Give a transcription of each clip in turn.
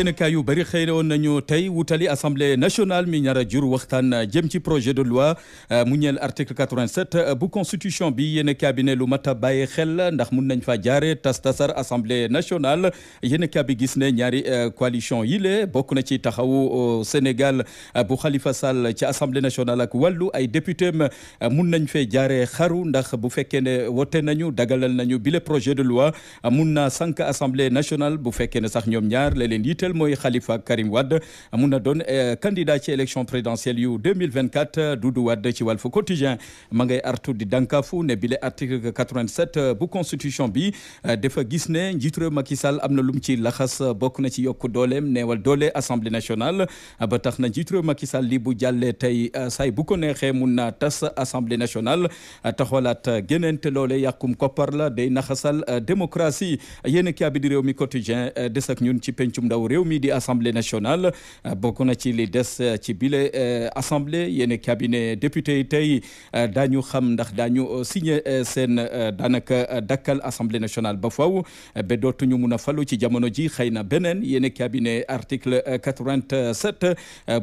yéenekaay yu bëri xëy woon nañu tey wutali assemblée nationale mi ñara jur waxtaan jëm ci projet de loi euh, mu ñeel article 87 euh, bu constitution bi yéenekaay bi ne lu mat a bàyyi xel ndax mun nañ fa jaare tas tasar assemblée nationale yéenekaay bi gis ne ñaari euh, coalition yi le bokk na ci taxawu Sénégal bu Khalifa Sall ci assemblée nationale ak wallu ay député mun nañ fee jaare xaru ndax bu fekkee ne wote nañu dagalal nañu bile projet de loi mun na sànq assemblée nationale bu fekkee ne firndeel mooy Khalifa Karim Wade mun na doon eh, candidat ci élection présidentielle yu 2024 Doudou Wade ci Walf Quotidien ma ngay artu di dankafu ne bile article 87 eh, bu constitution bi eh, dafa gis ne njiitu réew Macky Sall am na lum ci laxas bokk na ci yokk dooleem neewal doole assemblée nationale ba tax na njiitu réew Macky Sall li bu jàllee tey say bu ko neexee mun na tas assemblée nationale taxawalaat génente loole yàqum koppar la day naxasal démocratie yéen a kii di réew mi quotidien des ak ñun ci pencum ndaw réew mi di assemblée nationale euh, bokk na ci li des euh, ci bile euh, assemblée yéen cabinet député yi tey daañu xam ndax daañu signé seen daanaka dakkal assemblée nationale ba faw ba dootuñu mun a falu ci jamono ji xëy na beneen yéen cabinet article 87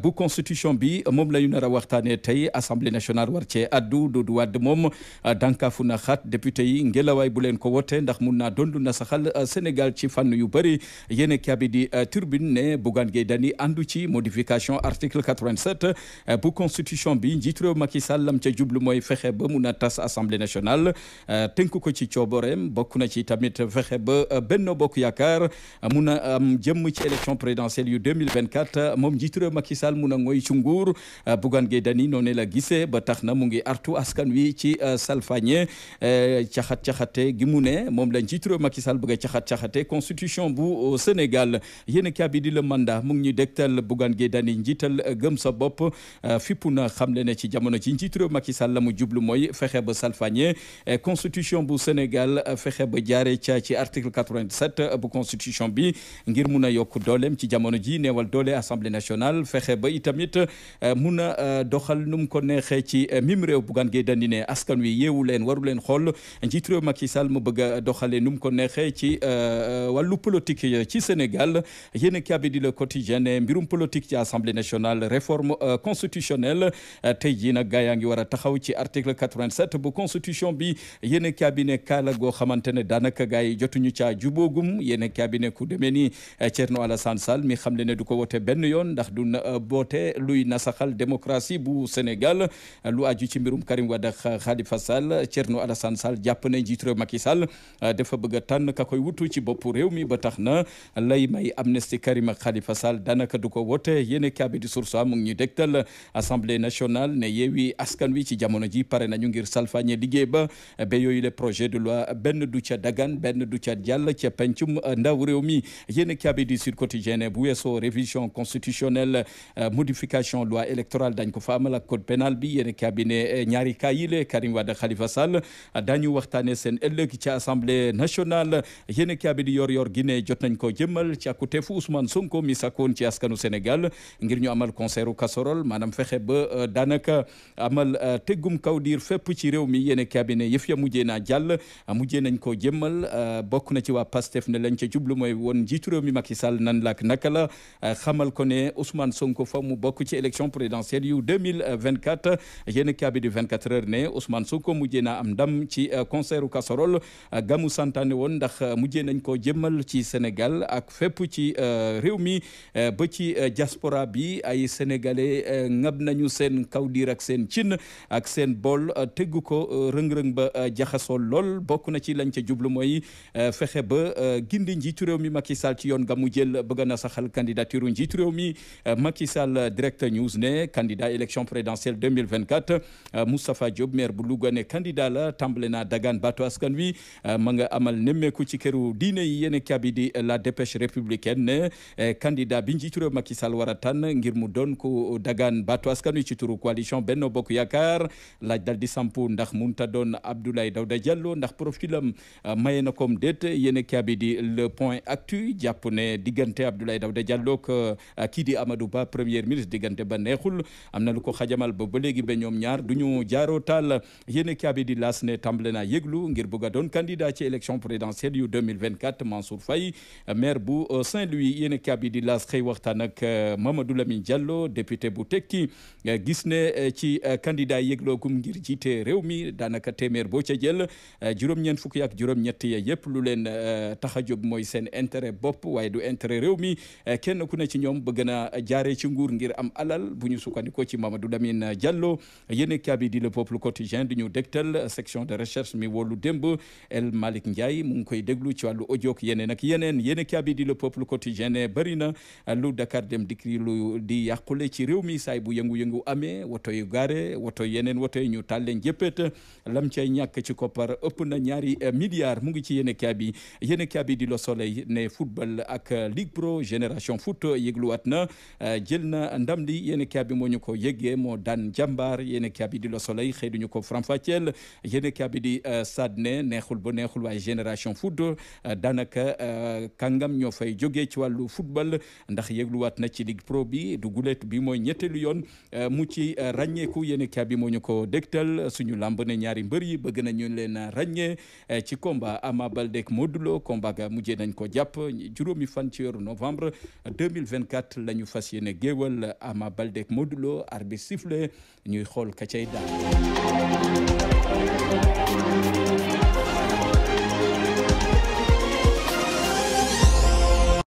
bu constitution bi moom la ñu nar a waxtaanee tey assemblée nationale war ce addu Doudou Wade moom dankafu na xaat député yi ngelawaay bu leen ko wote ndax mun naa doon lu Sénégal ci fànn yu bëri yéen cabinet Tribune ne Bougane Gueye Dany àndu ci modification article 87 eh, bu constitution bi njiitu réew Macky Sall lam ca mooy fexe ba mun a tas assemblée nationale eh, tënk ko ci cooboreem bokk na ci tamit fexe ba eh, Benno Bokk Yaakaar mun a am jëm ci élection présidentielle yu 2024 moom njiitu réew Macky Sall mun a ngoy ci nguur Bougane Gueye Dany noonu la gisee ba tax na mu ngi artu askan wi ci salfañe caxat caxate gi mu ne moom la njiitu réew Macky Sall bëgg a caxat caxate constitution bu Sénégal syndicat bi di le mandat mu ngi ñuy dégtal Bougane Gueye Dany njiital gëm sa bopp euh, fippu na xamle ne ci jamono ci njiitu réew Macky Sall la mu jublu mooy fexe ba salfañe euh, constitution bu Sénégal euh, fexe ba jaare ca ci article 87 bu constitution bi ngir mun a yokk doolem ci jamono ji neewal doole assemblée national fexe ba itamit mun a doxal nu mu ko neexee ci mim réew Bougane Gueye Dany ne askan wi yeewu leen waru leen xool njiitu réew Macky Sall mu bëgg a doxalee nu mu ko neexee ci wàllu politique ci Sénégal yéen ki abi di le quotidien ne mbirum politique ci assemblée nationale réforme euh, constitutionnelle euh, tey jii nag gaa yaa ngi war a taxaw ci article 87 bu constitution bi yéen ki abi ne kaala goo xamante ne daanaka gaa yi jotuñu caa juboogum yéen ki abi ne ku demee ni euh, Thierno Alassane Sall mi xam le ne du ko wote benn yoon ndax du boote luy nasaxal démocratie bu Sénégal lu aju ci mbirum Karim Wade Khalifa Sall Thierno Alassane Sall jàpp ne njiitu réew Macky Sall dafa bëgg tànn ka koy ci boppu réew mi ba tax na université Karim Khalifa Sall daanaka du ko woote yéen kaabi di source mu ngi ñu dégtal assemblée nationale ne yeewi askan wi ci jamono ji pare nañu ngir sal salfañe liggéey ba ba yooyu le projet de loi benn du ca dagan benn du ca jàll ca pencum euh, ndaw réew mi yéen kaabi di Sud Quotidien bu weeso révision constitutionnelle euh, modification loi électorale dañ ko fa amal ak code pénal bi yéen kaabi ne euh, ñaari kaa yile Karim Wade Khalifa Sall dañu waxtaane seen ëllëg ca assemblée national yéen kaabi di yor yor jot nañ ko jëmal ci akutefu Ousmane Sonko mi sakkoon ci askanu Sénégal ngir ñu amal concert casserole maanaam fexe ba euh, daanaka amal euh, teggum kawdir fépp ci réew mi yéen cabinet yëf ya mujjee naa jàll mujjee nañ koo jëmmal euh, bokk na ci waa Pastef ne lañ ca jublu mooy woon njiitu réew mi Macky Sall nan laak naka la xamal ko ne Ousmane Sonko fa mu bokk ci élection présidentielle yu 2024 yéen cabinet du 24 heures ne Ousmane Sonko mujjee naa am ndam ci concert u casserole gamu santaane woon ndax mujjee nañ koo jëmmal ci Sénégal ak fépp ci Euh, réew mi euh, ba ci euh, diaspora bi ay sénégalais ngab nañu seen kawdir ak seen cin ak seen bool tegu ko rëng-rëng ba jaxasoo lool bokk na ci lañ ca jublu mooy fexe ba gindi njiitu réew mi Macky Sall ci yoon nga mu jël bëgg na saxal candidature njiitu réew mi Macky Sall direct news ne candidat élection présidentielle 2024 Moustapha Diop maire bu Louga ne candidat la tàmbale naa dagaan baatu askan wi ma nga amal nemmeeku ci këru diine yi kabidi la dépêche républicaine ne eh, candidat bi njiitu réew Macky Sall war a tànn ngir mu doon ko dagaan baatu askan wi ci turu coalition Benno Bokk Yaakaar laaj dal di sampu ndax munta doon Abdoulaye Daouda Diallo ndax profilam eh, maye na comme déet yéen a di le point actu jàpp ne diggante Abdoulaye Daouda Diallo ak eh, kii di Amadou Ba premier ministre diggante ba neexul am na lu ko xajamal ba ba léegi ba ñoom ñaar du ñu jaaroo taal yéen a di laas ne tàmbale naa yëglu ngir bëgg a doon candidat ci élection présidentielle yu 2024 Mansour Faye maire bu saint bi yéen a bi di laas xëy waxtaan ak euh, Mamadou Lamine Diallo député bu tekki euh, gis ne euh, ci candidat yëgloogum ngir jiite réew mi daanaka téeméer boo ca jël juróom-ñeent fukki ak juróom-ñett ya yëpp lu leen tax a mooy seen intérêt bopp waaye du intérêt réew mi kenn ku ne ci ñoom bëgg na jaaree ci nguur ngir am alal bu ñu sukkandikoo ci Mamadou Lamine Diallo yéen a bi di le peuple quotidien di ñu dégtal section de recherche mi wolu démb El Malick Ndiaye mu koy déglu ci wàllu audio quotidien ne bëri na lu Dakar dem dikki lu di yàqule ci réew mi saay bu yëngu-yëngu amee woto yu gaare woto yeneen woto yi ñu taal leen jëppët lam cay ñàkk ci koppar ëpp na ñaari milliards mu ngi ci yéen a bi yéen a bi di Le Soleil ne football ak Ligue Pro Génération Foot yëgluwaat na jël na ndam li yéen bi moo ñu ko yëggee moo daan jàmbaar yéen bi di Le Soleil xëy duñu ko faram-fàcceel yéen bi di euh, Stades neexul ba neexul waaye Génération Foot euh, daanaka euh, kàngam ñoo fay jógee wàllu football ndax yëgluwaat na ci ligue pro bi du gulet bi mooy ñetteelu yoon euh, mu ci euh, ràññeeku yéen kaa bi moo ñu ko dégtal suñu làmb ne ñaari mbër yi bëgg na ñu leen ràññee euh, ci combat Ama Baldé ak Modou ga mujjee nañ ko jàpp juróomi fan ci weeru novembre 2024 la ñu fas yéene géewal Ama Baldé ak Modou Lo arbitre sifflé ñuy xool ka cay daal